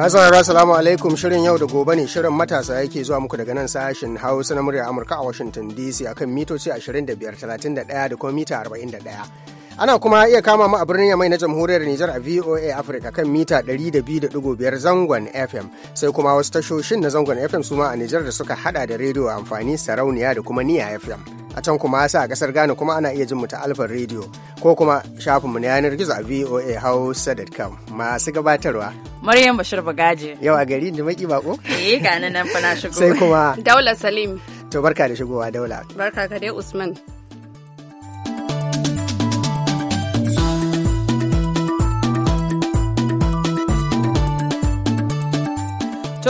Masararra salamu alaikum shirin yau da gobe ne shirin matasa yake zuwa muku daga nan sashin Hausa na murya Amurka a Washington DC akan mitoci 25, 31 da kuma mita 41. Ana kuma iya kama mu a birnin Yamai na Jamhuriyar Nijar a VOA Africa kan mita 200.5 zangon FM sai kuma wasu tashoshin na zangon FM suma a Nijar da suka hada da rediyo amfani sarauniya da kuma niya FM. A can kuma sa a kasar Ghana kuma ana iya jin mu ta Alfa Radio ko kuma shafinmu na yanar gizo a VOA Hausa.com masu gabatarwa. Maryam Bashir Bagaje. Yau a gari da maki bako? Eh ga nan fa na shigo. Sai kuma Daula Salim. To barka da shigowa Daula. Barka ka dai Usman.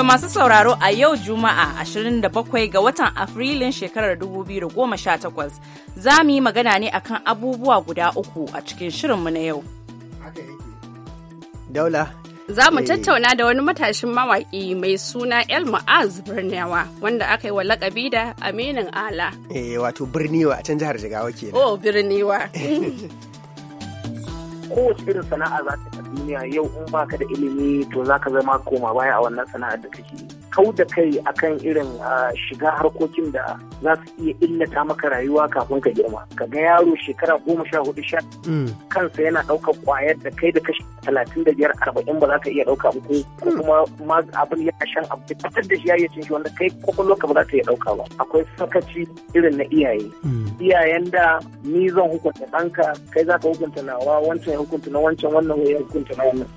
To masu sauraro a yau Juma'a 27 ga watan Afrilun shekarar 2018 za mu yi magana ne akan abubuwa guda uku a cikin shirinmu na yau. Daula. Za mu eh. tattauna da wani matashin mawaƙi mai suna El Ma'az Birniwa wanda aka yi wa lakabi da Aminin Ala. Eh wato Birniwa a can jihar Jigawa ke. Oh Birniwa. kowace irin sana'a za ta duniya yau in baka da ilimi to za ka zama koma baya a wannan sana'ar da kake yi kau da kai akan irin ah, shiga harkokin da za su iya illata maka rayuwa kafin ka girma ka ga yaro shekara goma sha hudu sha mm. kansa yana ɗaukar kwayar da kai da kashi talatin da biyar arba'in ba za ka iya ɗauka ba ko mm. kuma abin ya shan abu da fitar da shi ya cin shi wanda kai kwakwalwar ka ba za ta iya ɗauka ba akwai sakaci irin na iyaye mm. iyayen da ni zan hukunta ɗanka kai za ka hukunta nawa wancan ya hukunta na wancan wannan ya hukunta na wannan.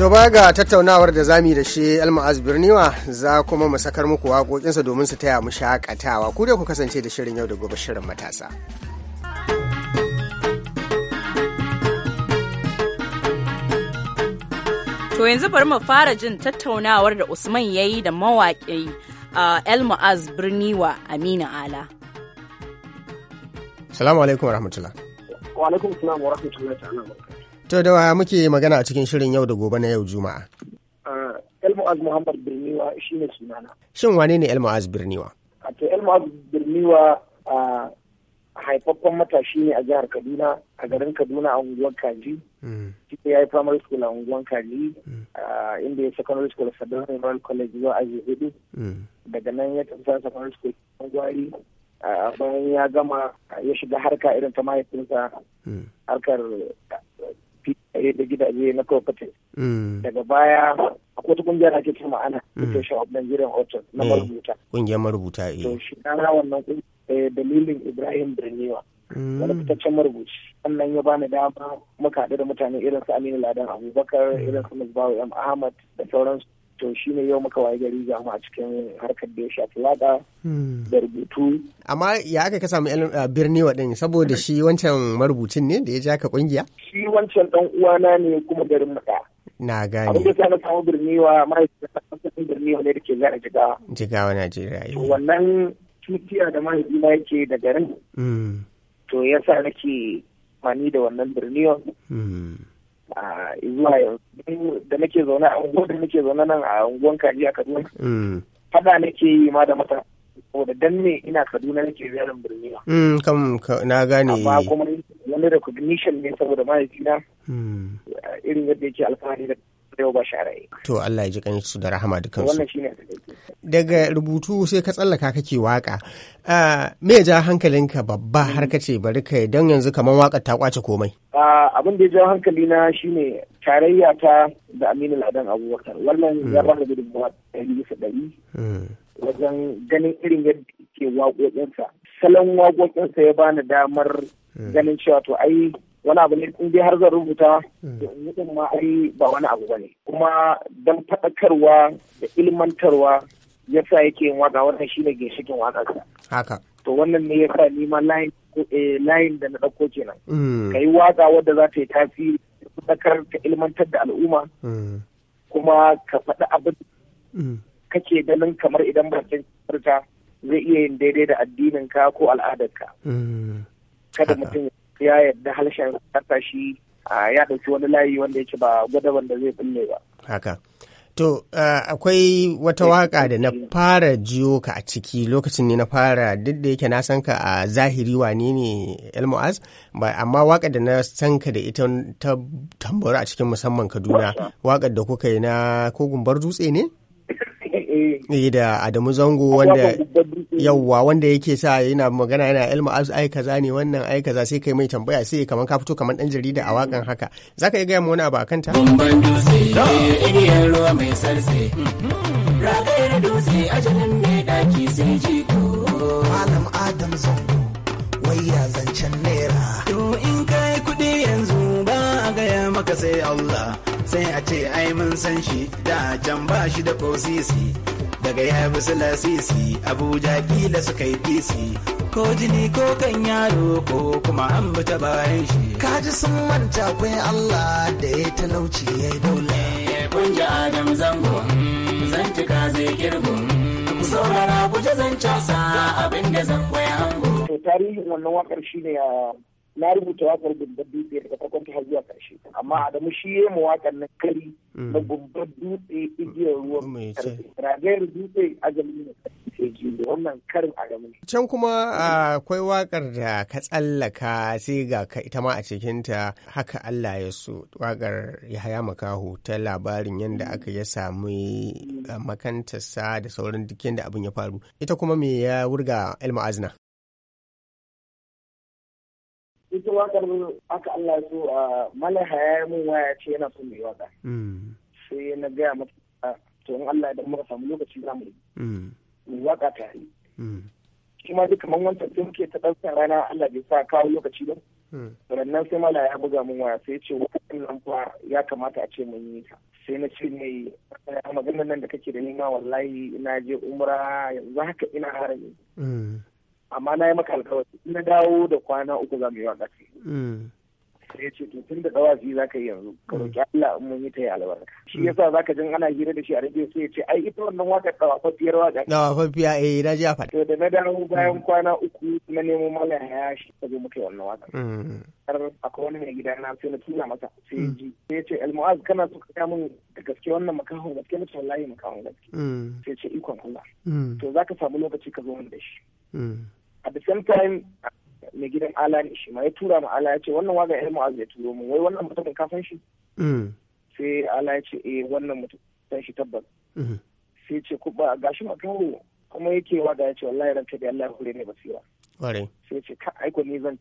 To ba ga tattaunawar da zami yi da shi Alma'az Birniwa za kuma mu sakar muku waƙoƙinsa domin su taya mu shaƙatawa, Ku da ku kasance da shirin yau da gobe shirin matasa. To yanzu bari mu fara jin tattaunawar da Usman ya yi da mawaƙi Elmu'az Birniwa Amina Ala. Salamu alaikum wa rahmatullah. Wa alaikum wa To da wa muke magana a cikin shirin yau da gobe na yau Juma'a. Elmu'az Muhammad Birniwa shi ne sunana. Shin wane ne Elmu'az Birniwa? To Elmu'az Birniwa a haifaffen matashi ne a jihar Kaduna a garin Kaduna a unguwar Kaji. Kike hmm. ya yi primary school a unguwar Kaji hmm. inda ya secondary school a Sadar Rural College zuwa aji hudu. Hmm. Daga nan ya tafi secondary school a Gwari. Bayan ya gama ya shiga harka irin ta mahaifinsa harkar da gidaje na property mm. daga baya akwai wata kungiyar ake cewa ana mm. Association of Nigerian Hotel na eh, marubuta kungiyar marubuta eh to shi kana wannan eh, dalilin Ibrahim Birniwa mm. wani fitaccen marubuci Wannan ya bani dama muka haɗu da mutane irin su Aminu Ladan Abubakar irin su Musbahu M Ahmad da sauransu to shi ne yau maka waye gari za mu a cikin harkar da ya shafi lada hmm. da rubutu. Amma ya aka ka samu uh, birni waɗin saboda shi wancan marubucin ne da ya ja ka ƙungiya? Shi wancan ɗan uwana ne kuma garin mu Na gane. Abin da nufa wa birni wa mahaifin birni ne da ke zara jigawa. Jigawa Najeriya. Wannan tutiya da ma yake da garin. Hmm. To ya sa nake mani da wannan birniyon. Hmm. zuwa da nake zaune a unguwar da nake zaune nan a unguwar kaji a kaduna mm. fada nake yi ma da mata saboda dan ne ina kaduna nake ziyarar birni mm, kam na gane ba kuma wani recognition ne saboda mahaifina mm. irin yadda yake alfahari da yau ba shara'i. To Allah ya ji kan su da rahama dukansu. Wannan Daga rubutu sai ka tsallaka kake waka. Ah, me ya ja hankalinka babba har ka ce bari kai don yanzu kamar waka ta kwace komai. Ah, abin da ya ja hankalina shine tarayya ta da Aminu Ladan Abubakar. Wannan hmm. ya ba da gudunmawa ɗari. Hmm. Wajen ganin irin yadda ke waƙoƙinsa. Salon waƙoƙinsa ya bani damar hmm. ganin cewa to ai wani abu ne in dai har zan rubuta rubutun hmm. ma ai ba wani abu ba ne. kuma dan faɗakarwa da ilmantarwa ya sa yake yin waka wannan ne ginshikin wakarsa haka to wannan ne yasa ni ma layin eh, da na ɗauko kenan hmm. Ka yi waka wadda za ta yi tasiri faɗakar ka ilmantar da al'umma hmm. kuma ka faɗi abin kake ganin kamar idan ba ka zai iya yin daidai da addinin ka ko al'adarka kada mutum ya. ya yarda halshen karkashi ya dauki wani layi wanda ya ce ba gwada wanda zai binne ba. Haka. To akwai wata waka da na fara jiyo ka a ciki lokacin ne na fara duk da yake na san ka a zahiri wane ne Elmo'az ba amma waka da na san ka da ita ta tambari a cikin musamman Kaduna waka da kuka yi na kogun bar dutse ne? Eh. eh da Adamu Zango wanda yawwa wanda yake sa yana magana yana ilmu az ai kaza ne wannan ai kaza sai kai mai tambaya sai kaman ka fito kamar dan jarida a wakan haka zaka iya gaya mu wani abu akan ta bumban dutse igiyar ruwa mai sarse ragayar dutse ajalin ne daki sai jiko malam adam zango wai ya zancen naira to in kai kudi yanzu ba a gaya maka sai Allah sai a ce ai mun san shi da can ba shi da kosisi daga ya bi su lasisi abuja kila suka yi pisi ko jini ko kan yaro ko kuma an ta bayan shi kaji sun manta kwai allah da ya talauci ya yi dole eh, ji adam zango hmm, Zan zantuka zai kirgo saurara guje zan casa abinda zan ya hango tarihin wannan wakar a na rubuta wakar gumbar dutse daga farkon ta zuwa karshe amma mm. adamu shi ya mu wakar na kari mm. na gumbar dutse igiyar ruwan mm, karfe ragayar dutse ajali ke sai wannan karin a ne. can kuma akwai wakar da ka tsallaka sai ga ka ita ma a cikin ta haka Allah ya so wakar Yahaya Makahu ta labarin yadda aka ya samu eh, makantarsa da sauran dukkan da abin ya faru ita kuma me ya wurga Elma Azna. ita wakar aka Allah so a malaha ya yi mun waya ce yana so mai waka mm. sai na gaya mata to in Allah da muka samu lokaci za mu yi mm. waka mm. ta yi. Kuma duka man wancan sai ke ta ɗaukar rana Allah bai sa kawo lokaci ba rannan sai mala ya buga mun waya sai ce wakar nan fa ya kamata a ce mun yi ta sai na ce mai maganar nan da kake da nima wallahi na je umra yanzu haka ina harami amma na yi maka alkawari na dawo da kwana uku za mu yi wanda ce mm. sai ya ce to tun da dawafi za ka yi yanzu ka mm. roƙi Allah in mun yi ta yi albarka shi mm. yasa za ka jin ana hira da shi a rage sai ya ce ai ita wannan waƙar dawafaffiyar waƙa dawafaffiya eh na ji a faɗi to da na dawo bayan kwana uku na nemo mallam ya shi ka zo muka yi wannan waƙar har akwai wani mai gida na sai na tura masa sai ya ji sai ya ce almu'az kana so ka min da gaske wannan makahon gaske na ce wallahi makahon gaske sai ya ce ikon Allah to za ka samu lokaci ka zo da shi at the same time mai gidan ala ne shi ma ya tura ma ala ya ce wannan waga ya mu'az ya turo mu wai wannan mutumin ka san shi mm. sai ala ya ce eh wannan mutum san shi tabbas mm-hmm. sai ce ku ba gashi makaho kuma yake waga ya ce wallahi ranka da Allah hure ne basira ware sai ce ka aiko ne zan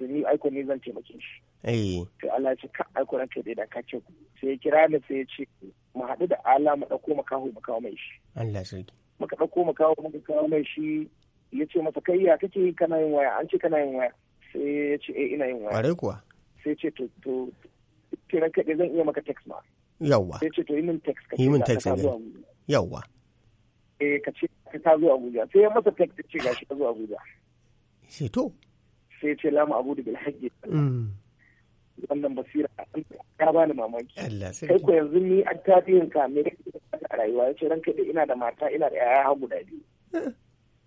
yi aiko ne zan taimake shi eh. sai Allah ce ka aiko ranka da ka ku sai ya kira ni sai ya ce mu haɗu da ala mu ɗauko makaho mu kawo mai shi Allah sarki muka ɗauko mu kawo muka kawo mai shi ya ce masa kai ya kake kana yin waya an ce kana yin waya sai ya ce eh ina yin waya ƙwarai kuwa sai ce to to kiran kaɗai zan iya maka text ma yawwa sai ce to yi min text ka yi text text yawwa eh ka ce ka zo Abuja sai ya masa text ce shi ka zo Abuja sai to sai ce lamu abu da bilhaji mm. wannan basira ya bani mamaki kai ko yanzu ni an tafiyin ka me a rayuwa ya ce ranka da ina da mata ina da yaya guda biyu eh.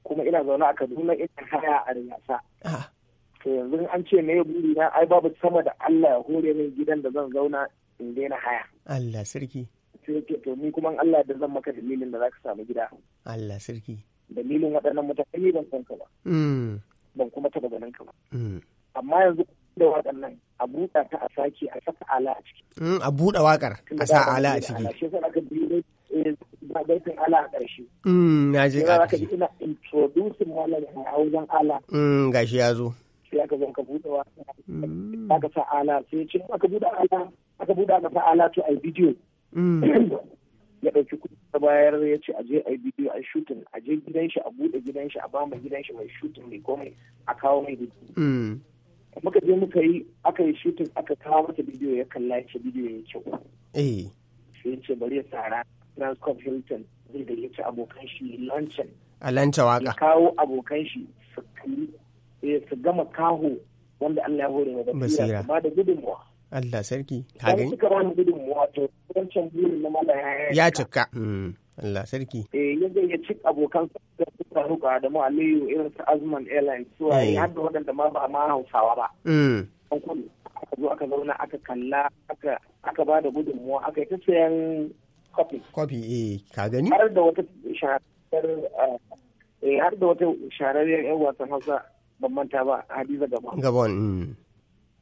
kuma ina zaune a Kaduna ina haya a Riyasa. Ah. To yanzu an ce me buri na ai babu sama da Allah ya hore min gidan da zan zauna in daina haya. Allah sarki. To ni kuma Allah da zan maka dalilin da za ka samu gida. Allah sarki. Dalilin waɗannan mutane ban san ka ba. Mm. Ban kuma taɓa ganin ka ba. Mm. Amma yanzu da waɗannan a buɗa ta a sake a saka ala a ciki. Mm, a buɗa waƙar a sa ala a ciki. zagaitin eh, ala a ƙarshe. Mm, na ji ka ji ina introducing malam a wajen ala. gashi ya zo. sai aka zo aka buɗe wa mm. aka sa ala sai ce aka buɗe ala aka buɗe aka sa ala to ai bidiyo. Mm. ya ɗauki kuɗi ta bayar ya ce aje ai bidiyo ai shooting aje gidan shi a buɗe gidan shi a ba mai gidan shi mai shooting mai komai a kawo mai bidiyo. muka je muka yi aka yi shooting aka kawo mata bidiyo ya kalla ya ce bidiyo ya kyau. Eh. sai ya ce bari ya sa rana Transcorp Hilton zai gayyaci abokan shi lancin. A lanca waka. Ya kawo abokan shi su eh, su gama kaho wanda Allah ya hore wa basira ba da gudunmuwa. Allah sarki. Kagan. suka ba ni gudunmuwa to wancan biyu na mala ya cika. Hmm, Allah sarki. Eh ya gayyaci abokan da suka ruka da mu Aliyu irin su Azman Airlines su ai eh. har da waɗanda ma ba ma Hausawa ba. Mm. An aka zo aka zauna aka kalla aka aka ba da gudunmuwa aka yi ta sayan kofi kofi eh ka gani har da wata shahararriyar eh, eh, har da wata shahararriyar yan wasan Hausa ban manta ba Hadiza Gabon Gabon mm.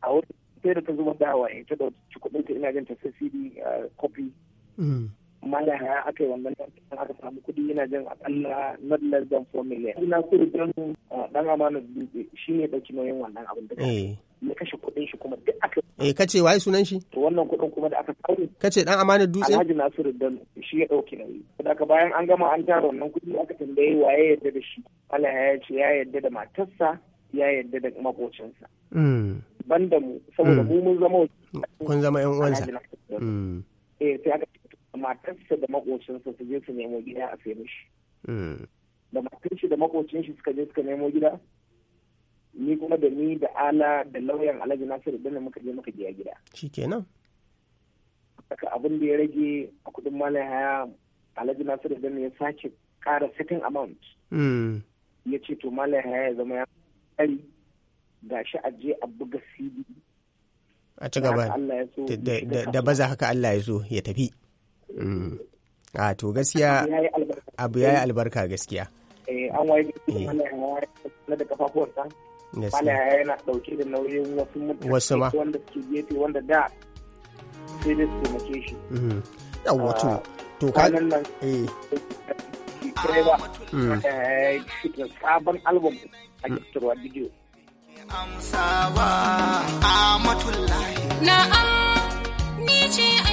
a wata sai da ta zuba dawa hawaye ta dauki kudin ta ina jin ta CD kofi eh, mm. mala ya aka yi wannan tantan aka samu kudi yana jin akalla not less than 4 million. Ina kuri don dan amana dutse shi ne ɗauki nauyin wannan abin da ya kashe kuɗin shi kuma duk aka eh kace waye sunan shi to wannan kuɗin kuma da aka kawo kace dan amana dutse Alhaji Nasiru dan shi ya dauke nauyi daga bayan an gama an tara wannan kuɗi aka tambaye waye yadda da shi Allah ya ce ya yadda da matarsa ya yadda da makocinsa mm. ban da mu saboda mm. mu mun zama kun zama yan uwansa mm. eh sai aka matarsa da makocinsa su je su nemo gida a sai mishi da matarsa da makocin shi suka je suka nemo gida ni kuma da ni da ala da lauyan alhaji nasiru dana muka je muka je gida shikenan saka abin da ya rage a kudin malam haya alhaji nasiru dana ya sace kara sitting amount hmm. ya ce to malam haya ya zama ya kari ga shi a je a buga cd a ci gaba da baza haka allah ya zo ya tafi hmm. a to gaskiya abu ya yi albarka gaskiya eh, an waye eh. da kafafuwarsa malaya yana ɗauke da nauyin wasu mutane wanda suke gefe wanda da sai da su taimake shi mm-hmm. ah, to ka nan eh. ba mm. eh, sabon album a mm. kitarwa bidiyo amsawa na'am ni ce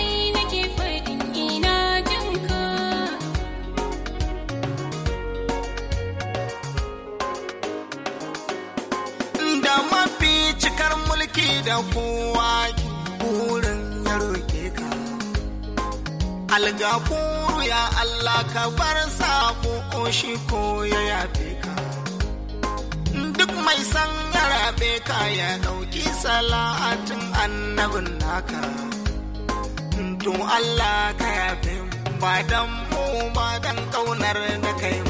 ki da kowa ki ya roƙe ka algafuru ya Allah ka bar sabo shi ko ya yafe ka duk mai san ya rabe ka ya ɗauki salatin annabin naka to Allah ka yafe ba dan mu ba dan ƙaunar da kai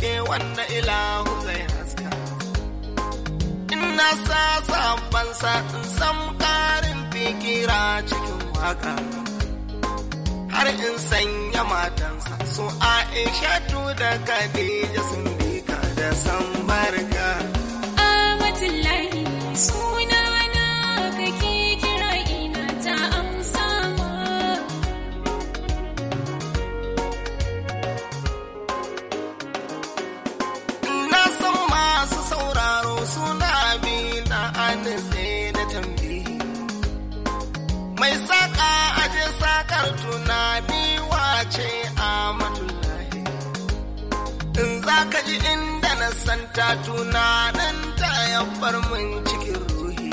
ke wanda ilahu zai haska ina sa sabon sa in san karin fikira cikin waka har in sanya matansa su aishatu da khadija sun bika da san barka amatullahi suna Santa Tuna nan ta yabbar min cikin ruhi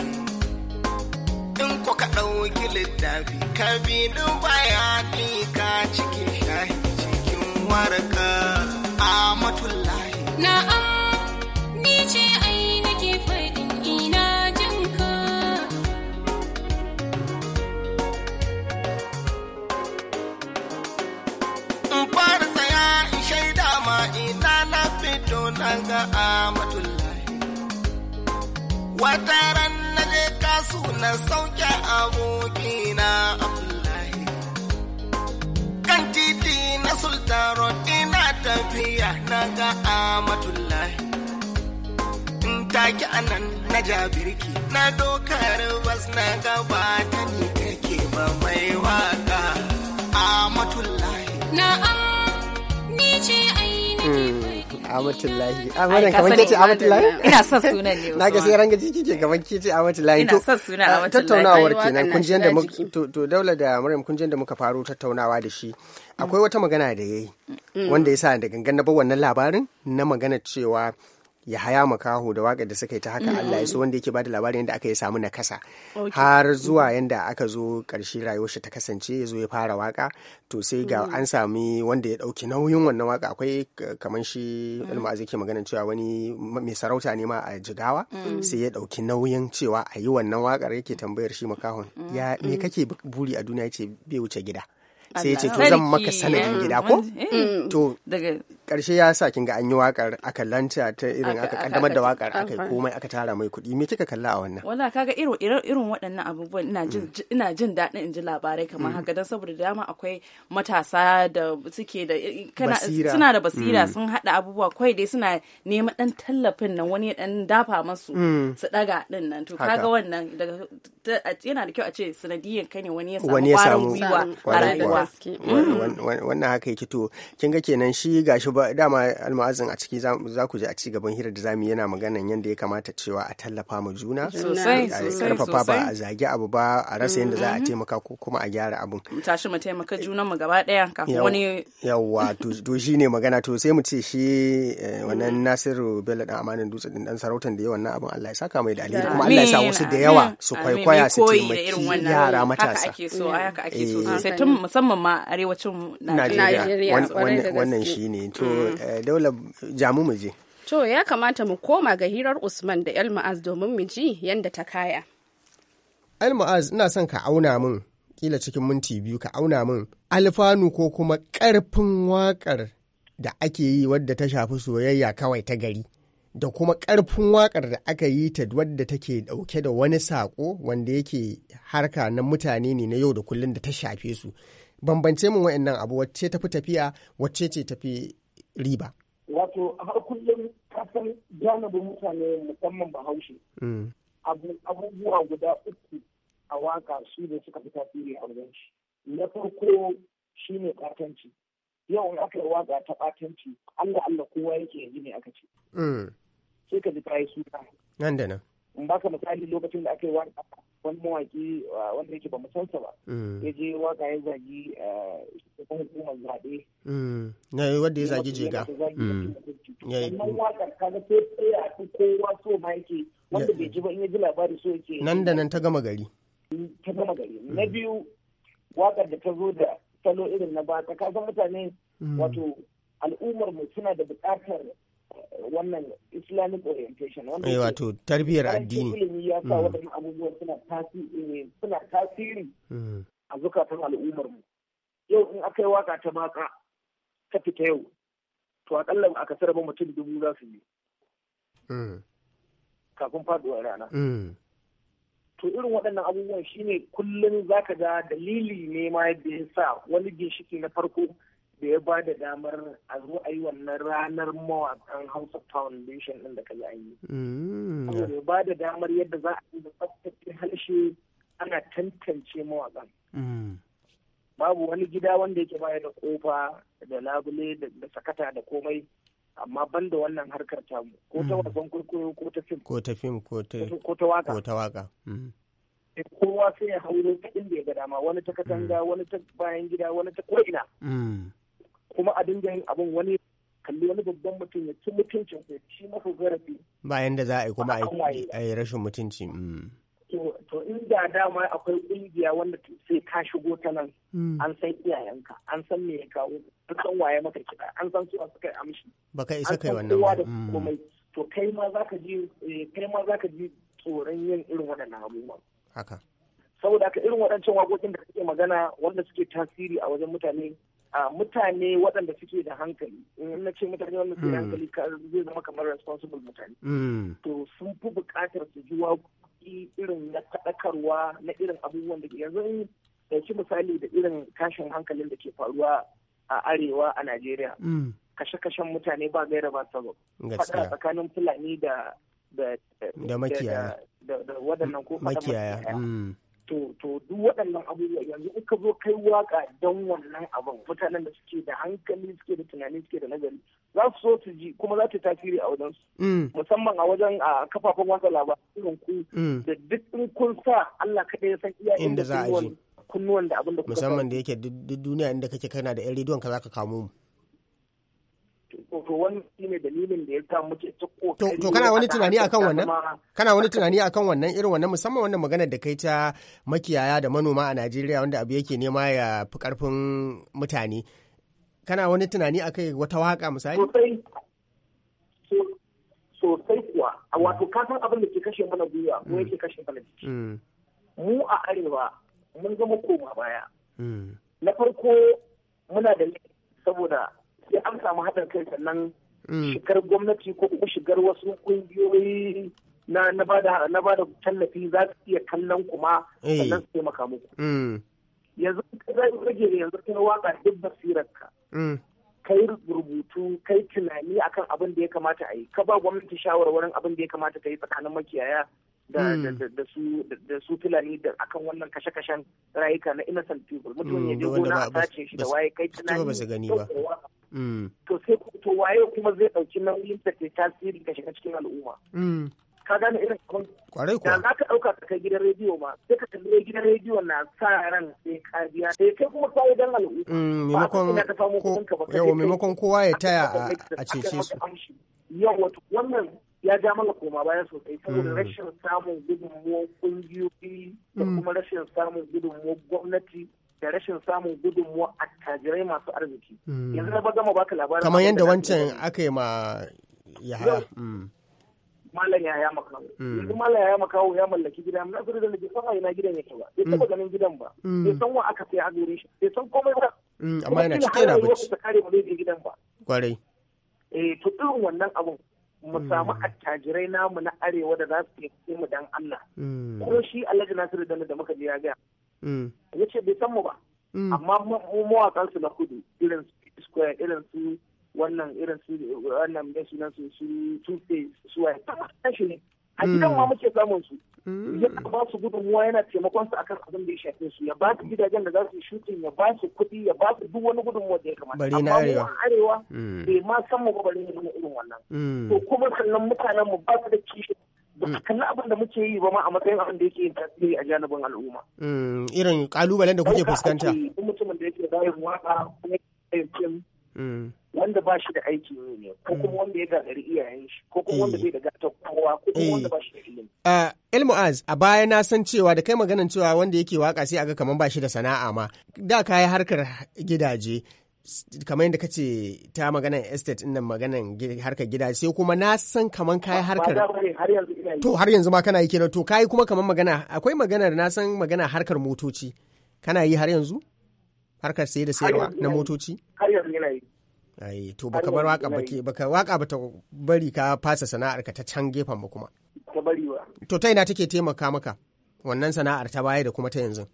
in ko ka ɗauki littafi ka bi ni bayani ka cikin shahi cikin waraka a matullahi wata ran na je kasu na sauke abokina Abdullahi. Kan titi na sultaro ina tafiya na ga Amatullahi. In take anan na ja birki na dokar bas na gaba ta ni kake ba mai Amatullahi. Ah, Amadan kamar Ina son sunan ne. Ina son ah, Amatullahi. Tattaunawar kenan kun da Maryam kun da muka faro tattaunawa da shi. Akwai wata magana da yayi mm. wanda ya sa da gangan na bar wannan labarin na magana cewa ya haya makaho da waƙar da suka yi ta haka Allah ya so wanda yake bada labarin yadda aka yi samu na kasa har zuwa mm. yadda aka zo karshe rayuwar shi ta kasance ya zo ya fara waka to sai ga mm. an sami wanda ya ɗauki nauyin wannan waka akwai kamar shi mm. alma'azi ke magana cewa wani mai sarauta ne ma a jigawa sai ya ɗauki nauyin cewa a yi wannan waƙar yake tambayar shi makahon ya me kake buri a duniya ce bai wuce gida sai ya ce to zan maka sanin gida eh, ko eh. Mm. to karshe ya sa kin ga an yi wakar aka lanta ta irin aka kaddamar da wakar aka yi komai aka tara mai kuɗi me kika kalla a wannan wala kaga irin irin waɗannan abubuwan ina jin mm. ina jin daɗin in ji labarai kamar mm. haka dan saboda dama akwai matasa da suke da kana suna da basira sun hada abubuwa kai dai suna neman dan tallafin nan wani dan dafa masu su daga din nan to kaga wannan daga yana da kyau a ce sanadiyan kai ne wani ya samu ƙwarin gwiwa a rayuwa gaske wannan haka yake to kin ga kenan shi gashi ba dama alma'azin a ciki za ku je a ci gaban hira da zamu yana maganan yadda ya kamata cewa a tallafa mu juna sosai sosai karfafa ba a zagi abu ba a rasa yadda za a mm-hmm. taimaka ko kuma a gyara abun mu tashi mu taimaka junan mu gaba daya kafin wani yawa to shi ne magana to sai mu ce shi eh, wannan mm-hmm. Nasiru Bello dan amanin dutse din dan sarautan da yawan nan abun Allah ya saka mai da alheri kuma Allah ya sa wasu da yawa su kwaikwaya su taimaki yara matasa haka ake so haka ake so eh. sai tun musamman musamman arewacin Najeriya. Wannan shi ne. To, mm. eh, daula jamu mu je. To, ya kamata mu koma ga hirar Usman da El Ma'az domin mu ji yadda ta kaya. El Ma'az, ina son ka auna min, kila cikin minti biyu ka auna min alfanu ko kuma karfin wakar da ake yi wadda ta shafi soyayya kawai ta gari. da kuma ƙarfin waƙar da aka yi ta wadda take ɗauke da wani sako wanda yake harka na mutane ne na yau da kullum da ta shafe su bambance min wa'annan abu wacce tafi tafiya wacce ce tafi riba wato har kullum kasan janabin mutane musamman bahaushe mm. abubuwa guda uku a waka su ne suka fi tasiri a wajen shi na farko ne katanci yau in aka yi waka ta katanci Allah Allah kowa yake yi ne aka ce mm. sai ka ji ta yi suka. nan da nan in baka misali lokacin da aka yi waka wani mawaki wanda yake ba musansa ba mm. ya je waka ya zagi shugaban hukumar zaɓe mm. na wanda ya zagi jega mm. wannan wakar ga sai sai a kowa so ma yake wanda bai ji ba in ya ji labari so yake nan da nan ta gama gari ta gama gari na biyu wakar da ta zo da salo irin na ba ta kasan mutane wato al'ummar mu suna da buƙatar wannan islamic orientation wanda eh, wato tarbiyyar addini ilimi ya sa mm. waɗannan abubuwan suna tasiri eh, suna tasiri mm. a zukatan al'ummar mu yau in aka yi waka ta maka ta fita yau to akalla a kasar ba mutum dubu za su yi mm. kafin faduwar rana to irin waɗannan abubuwan shine kullum zaka ga dalili ne ma yadda ya sa wani ginshiki na farko da ya ba da damar a zo a yi wannan ranar mawakan Hausa Foundation ɗin da ka yi yi. Mm. ya ba da damar yadda za a yi da tsaftace harshe ana tantance mawakan. Mm. Babu wani gida wanda yake baya da kofa da labule da sakata da komai amma ban da wannan harkar tamu ko ta mm. wasan kurkuru ko ta fim ko ta fim ko ta waka ko ta waka kowa sai ya hauro ta inda ya ga dama wani ta katanga wani ta bayan gida wani ta ko'ina kuma a dinga yin abin wani kalli wani babban mutum ya ci mutuncin ya ci masa zarafi ba da za a yi kuma a yi rashin mutunci mm. to in da dama akwai kungiya wanda sai ka shigo ta nan mm. an san iyayenka an san me ya kawo an san waye maka kiɗa an san su suka yi amshi Ba baka isa kai wannan ba mm. to kai ma ka ji eh, kai ma za ka ji tsoron yin irin waɗannan abubuwan haka saboda ka irin waɗancan waƙoƙin da suke magana wanda suke tasiri a wajen mutane a mutane waɗanda suke da hankali in na ce mutane wanda suke da hmm. hankali zai zama kamar responsible mutane hmm. to sun fi buƙatar su ji waƙoƙi irin na taɗakarwa na irin abubuwan da ke yanzu ɗauki misali da irin kashin hankalin da ke faruwa a arewa a najeriya hmm. kashe-kashen mutane ba gaira ba sabo faɗa tsakanin fulani da da makiyaya da waɗannan ko makiyaya to duk waɗannan abubuwa yanzu in ka zo kai waka don wannan abin mutanen da suke da hankali suke da tunani suke da nazari za su so su ji kuma za ta tasiri a wajen su mm. musamman a wajen a kafafen watsa labarai irin ku mm. da duk in kun sa Allah kaɗai ya san iya inda za a ji kunnuwan da abin da kuka musamman da yake duk duniya inda kake kana da yan rediyon ka zaka kamo mu to wannan ne dalilin da ya sa muke ta kokari to kana wani tunani akan wannan kana wani tunani akan wannan irin wannan musamman wannan maganar da kai ta makiyaya da manoma a Najeriya wanda abu yake nema ya fi karfin mutane kana wani tunani akai wata waka misali sosai kuwa A wato kasan abin da ke kashe mana gwiwa ko mm. yake kashe mana mm. mu a arewa mun zama koma baya mm. na farko muna da saboda sai an samu haɗin kai sannan mm. shigar gwamnati ko kuma shigar wasu ƙungiyoyi na na bada na tallafi za su iya kallon kuma eh. sannan su taimaka muku mm. yanzu zai rage ne yanzu kai waka duk ka mm. kai rubutu kai tunani akan abin da ya kamata a yi ka ba gwamnati shawarwarin abin da ya kamata ka yi tsakanin makiyaya da su fulani da akan wannan kashe-kashen rayuka na innocent people mutum ya je gona a sace shi da waye kai tunani ba Mm. to sai to waye kuma zai ɗauki nauyin da ke tasiri ka shiga cikin al'umma mm. ka gane irin abin kwarai kuwa da ka ɗauka ka gidan rediyo ma sai ka kalli gidan rediyo na sa ran sai ka biya sai kai kuma mm, kai dan al'umma ka ba. Yau maimakon kowa ya taya a cece su wato wannan ya ja mana koma baya sosai saboda rashin samun gudunmuwar ƙungiyoyi da kuma rashin samun gudunmuwar gwamnati da rashin samun gudunmuwa a tajirai masu arziki hmm. yanzu na gama baka labarin kamar yadda wancan aka yi ma yahaya hmm. malam ya yahaya makawo hmm. yanzu malam ya yahaya makawo ya mallaki gida na zuri da bai san ina gidan yake ba bai taba ganin gidan ba bai san wa aka sai a gure shi bai san komai ba amma yana cike da bacci san kare ba zai je gidan ba kwarai eh to irin wannan abun mu samu attajirai namu na arewa da za su taimake mu dan Allah ko shi Alhaji Nasiru Bello da muka je ya ga Mm. ya ce bai san mu ba mm. amma mu mawakan su na kudu irin square irin su wannan irin su wannan ne sunan su su two face su waye ta shi ne a mm. gidan ma muke samun su ya ba su gudunmuwa yana taimakon su akan abin da ya shafe su ya ba su gidajen da za su shooting ya ba su kuɗi ya ba su duk wani gudunmuwa da ya kamata amma mu arewa arewa bai ma san mu ba bari ne irin wannan to kuma sannan mutanen mu ba su da kishi ba mm. su kalli abin da muke yi ba ma a matsayin abin da yake yin tasiri a janibin al'umma. Mm, irin kalubalen da kuke fuskanta. mutumin da yake bayan waka kuma yakin mm. wanda ba shi da aikin yi ne ko kuma wanda ya gagari iyayen shi ko kuma wanda eh. bai da gata kowa ko kuma eh. wanda ba shi da ilimi. Ah, Elmu'az a baya na san cewa da kai maganan cewa wanda yake waka sai aga kaman ba shi da sana'a ma da ka yi harkar gidaje kamar yadda kace ta maganan estate ina maganan harkar gida sai kuma na san kaman kayi harkar to har yanzu ma kana yi kenan to kayi kuma kaman magana akwai maganar na san magana harkar motoci kana yi har yanzu harkar sai da sayarwa na motoci har yanzu yi ai to baka bar waka bake baka waka bata bari ka fasa sana'ar ka ta can gefen ba kuma ta bari ba to ta ina take taimaka maka wannan sana'ar ta baya da kuma ta yanzu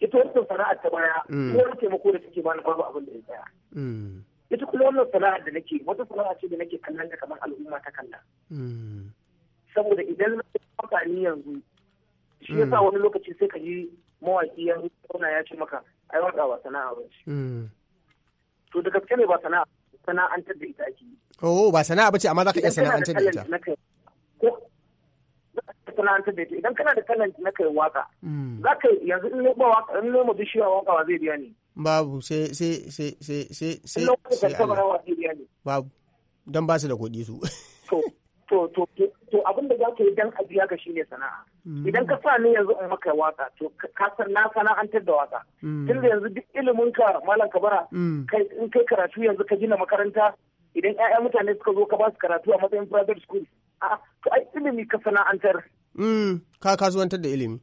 ita wannan sana'ar ta baya mm. wani taimako da take bani babu abin da ya tsaya mm. ita kuma wannan sana'ar da nake wata sana'a ce da nake kallon da kamar al'umma ta kalla mm. saboda idan na amfani yanzu shi ya sa wani lokaci sai ka yi mawaƙi ya zauna ya ce maka ai wanda ba sana'a ba ce to da gaske ne ba sana'a sana'antar da ita ake oh ba sana'a ba ce amma za ka iya sana'antar da ita sana'antar da ita idan kana da talent na kai waka hmm. za ka yanzu in lobo waka in lobo bishiya waka wa zai biya ne babu sai sai sai sai sai sai sai noma ka taba babu dan ba su da kuɗi su to to to to abin da za ka yi dan a biya ka shine sana'a hmm. idan ka sa ni yanzu in maka waka to ka san na sana'antar da waka hmm. tun da yanzu duk ilimin ka malam kabara kai in kai karatu yanzu ka gina makaranta idan 'ya'ya mutane suka zo ka ba su karatu a matsayin private school a to ai ilimi ka sana'antar Mm, ka kasuwantar da ilimi.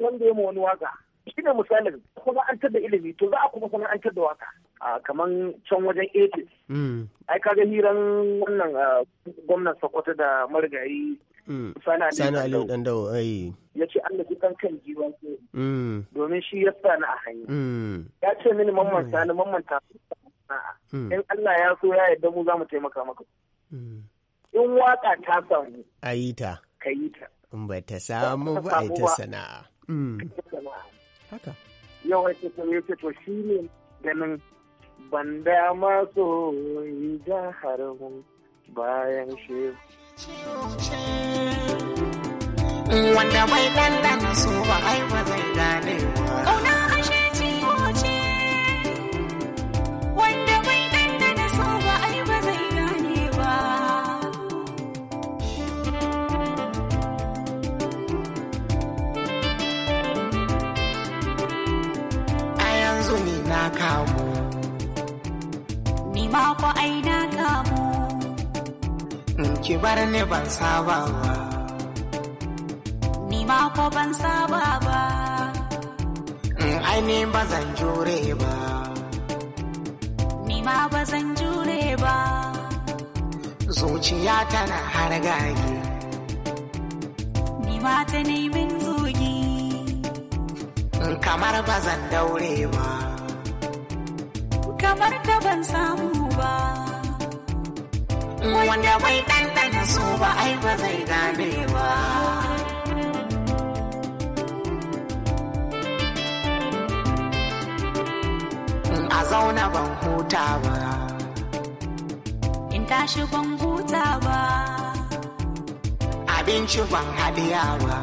Wanda ya ma wani waka shi ne misalin sana'antar da ilimi to za a kuma sana'antar da waka. kamar can wajen 80s. Mm. Ai ka ga hiran wannan gwamnan Sokoto da marigayi mm. Sani Aliyu Dandau. Ya ce Allah ji kan jiwon ko. domin shi ya sani a hanya. Ya ce mini mamman sani mamman ta In Allah ya so ya yarda mu za mu taimaka maka. In waka ta samu. Ayi ta. ka yi ta. In ba ta samu ba a mm. mm. ta sana'a. Haka. Yawan ce ya ce to shi ne ganin ban dama so yi harin bayan shi. Wanda bai ɗanɗana so ba ai ba zai gane ba. Kauna ashe ciwo ce. Wanda kamu Nima ku kamu nki bar ni ban saba ba ni ma ku ban saba ba mm, ai ni ba zan jure ba Nima ba zan jure ba zuciya tana hargage ni Nima ta nemin zugi mm, kamar ba zan daure ba kamar ta ban samu ba wanda bai ɗanɗana so ba ai ba zai gane ba a zauna ban huta ba in tashi ban huta ba abinci ban haɗiya ba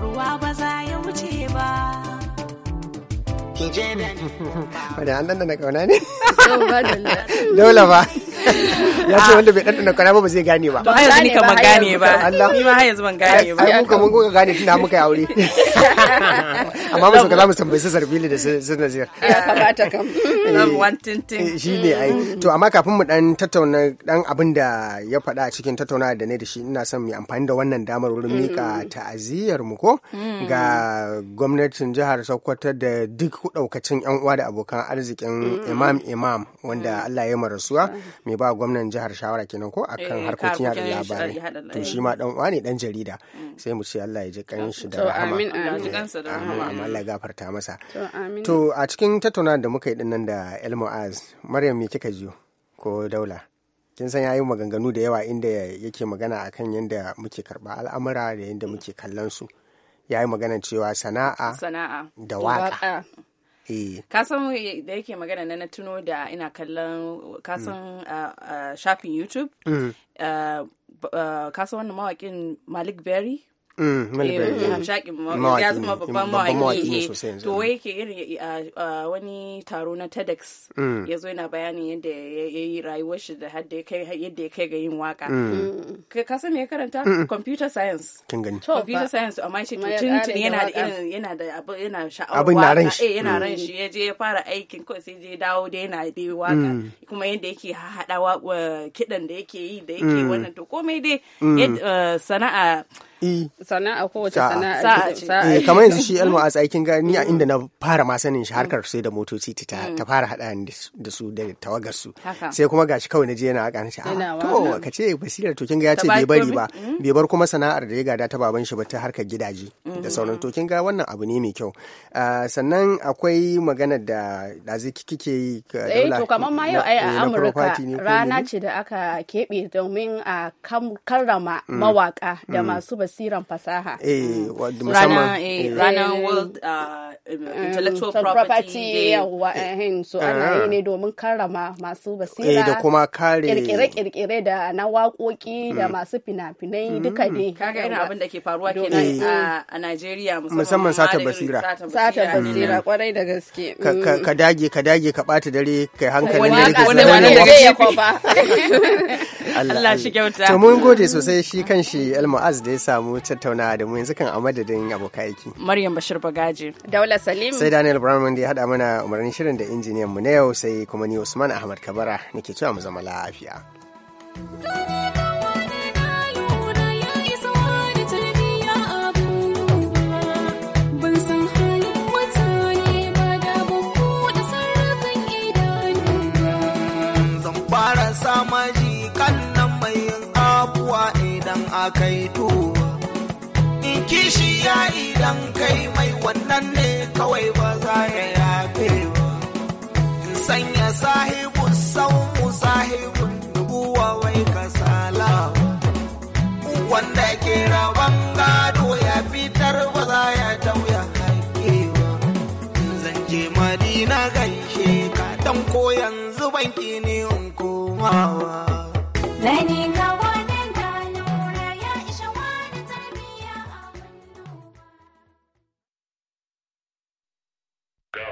ruwa ba za ya wuce ba Kitchen. bueno, andan con Lola ba. Ya ce ah. wanda bai ɗanɗana kwana ba ba zai gane ba. Ba yanzu ni ka gane ba. Allah. Ni ma har yanzu ban gane ba. Ai mun ka mun kuka gane da muka yi aure. Amma mu ka za mu tambayi su Sarbili da su Nazir. Ya kamata kam. wan eh. tintin. Eh, shi ne ai. To amma kafin mu dan tattauna dan abin da ya faɗa a cikin tattauna da ne da shi ina son mu amfani da wannan damar wurin mm. mika ta'aziyyar mu ko mm. ga gwamnatin jihar Sokoto da duk daukacin yan uwa da abokan arzikin mm. Imam Imam imam wanda mm. Allah ya marasuwa mm. mai ba gwamnan jihar shawara kenan ko akan eh, harkokin yada labarai to shi ma dan uwa ne dan jarida mm. sai mu ce Allah ya ji kan shi da rahama amin amin Allah ya gafarta masa to a cikin tattauna da muka yi dinnan da El Muaz Maryam me kika ji ko Daula kin san yayi maganganu da yawa inda yake magana akan yadda muke karba al'amura da yanda muke kallon su ya yi magana cewa sana'a sana'a da waka Eh. ka eh, da yake magana na na tuno da ina kallon kasan mm. shafin youtube mm. eh, ka san wannan mawakin malik berry Mm, hamshakin eh, mm, ya zama babban mawaƙi to wai yake irin uh, uh, wani taro na tedx mm. ya zo yana bayanin yadda ya yi rayuwar shi da yadda ya kai ga yin waka ka san me karanta computer science computer science amma shi tuntun yana da irin yana da yana sha'awar eh, yana ran shi ya je ya fara aikin ko sai je dawo da yana da waka kuma yadda yake haɗa kiɗan da yake yi da yake wannan to komai dai uh, sana'a E. sana'a kowace sana'a eh, kamar yanzu shi elmo a tsakin gani a mm. inda na fara ma sanin shi mm. harkar sai da motoci ta mm. fara hada da su da tawagar su sai kuma gashi kawai na je yana haka nace ah, to ka ce basirar to ga ya ce bai bari ba bai bar kuma sana'ar da ya gada ta baban shi ba ta harkar gidaje da mm-hmm. sauran to ga wannan abu ne mai kyau ah, sannan akwai magana da dazu kike yi eh to kamar ma yau a eh, Amurka rana ce da aka keɓe domin a karrama mawaka da masu basira tasirin fasaha. Eh, musamman. Ranar World Intellectual Property yawa eh, so ana ah. yi ne domin karrama masu eh, basira. da kuma kare. Kirkire-kirkire da na waƙoƙi da mm. masu fina-finai mm. duka ne. Kaga irin abin da ke faruwa kenan eh. uh, a Najeriya musamman. Musamman sata basira. Sata basira kwarai mm. da gaske. Ka dage ka dage ka ɓata dare kai hankali dare ka zama. Allah shi kyauta. To mun gode sosai shi kan shi El Mu'az da ya sa samu tattaunawa da mu yanzu kan a madadin abokan aiki. Maryam Bashir Bagaji. Daula Salim. Sai Daniel Brown da ya haɗa mana umarnin shirin da injiniyan mu na yau sai kuma ni Usman Ahmad Kabara nake cewa mu zama lafiya. Thank you. samaji kan nan mai abuwa idan yi tuwo. ya idan kai mai wannan ne kawai ba za ya yafe ba sanya sahi